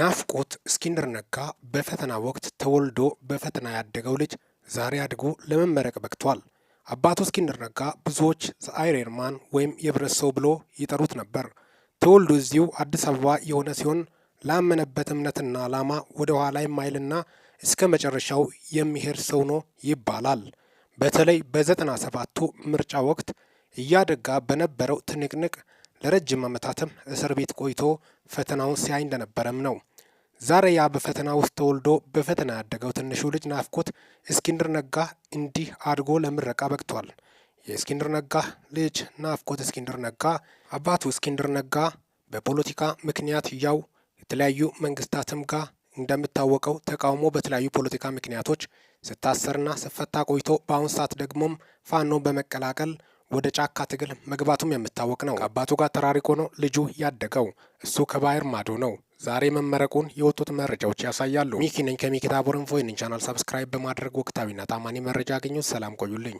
ናፍቆት እስክንድር ነጋ በፈተና ወቅት ተወልዶ በፈተና ያደገው ልጅ ዛሬ አድጎ ለመመረቅ በቅቷል። አባቱ እስክንድር ነጋ ብዙዎች አይረን ወይም የብረት ሰው ብሎ ይጠሩት ነበር። ተወልዶ እዚሁ አዲስ አበባ የሆነ ሲሆን ላመነበት እምነትና ዓላማ ወደ ኋላ የማይልና እስከ መጨረሻው የሚሄድ ሰው ነው ይባላል። በተለይ በዘጠና ሰባቱ ምርጫ ወቅት እያደጋ በነበረው ትንቅንቅ ለረጅም ዓመታትም እስር ቤት ቆይቶ ፈተናውን ሲያይ እንደነበረም ነው። ዛሬ ያ በፈተና ውስጥ ተወልዶ በፈተና ያደገው ትንሹ ልጅ ናፍቆት እስክንድር ነጋ እንዲህ አድጎ ለምረቃ በቅቷል። የእስክንድር ነጋ ልጅ ናፍቆት እስክንድር ነጋ አባቱ እስክንድር ነጋ በፖለቲካ ምክንያት ያው የተለያዩ መንግስታትም ጋር እንደምታወቀው ተቃውሞ በተለያዩ ፖለቲካ ምክንያቶች ስታሰርና ስፈታ ቆይቶ በአሁን ሰዓት ደግሞም ፋኖ በመቀላቀል ወደ ጫካ ትግል መግባቱም የሚታወቅ ነው። ከአባቱ ጋር ተራሪቆ ነው ልጁ ያደገው። እሱ ከባህር ማዶ ነው። ዛሬ መመረቁን የወጡት መረጃዎች ያሳያሉ። ሚኪ ነኝ ከሚኪታቦር ኢንፎ። ይህንን ቻናል ሰብስክራይብ በማድረግ ወቅታዊና ታማኒ መረጃ አግኙ። ሰላም ቆዩልኝ።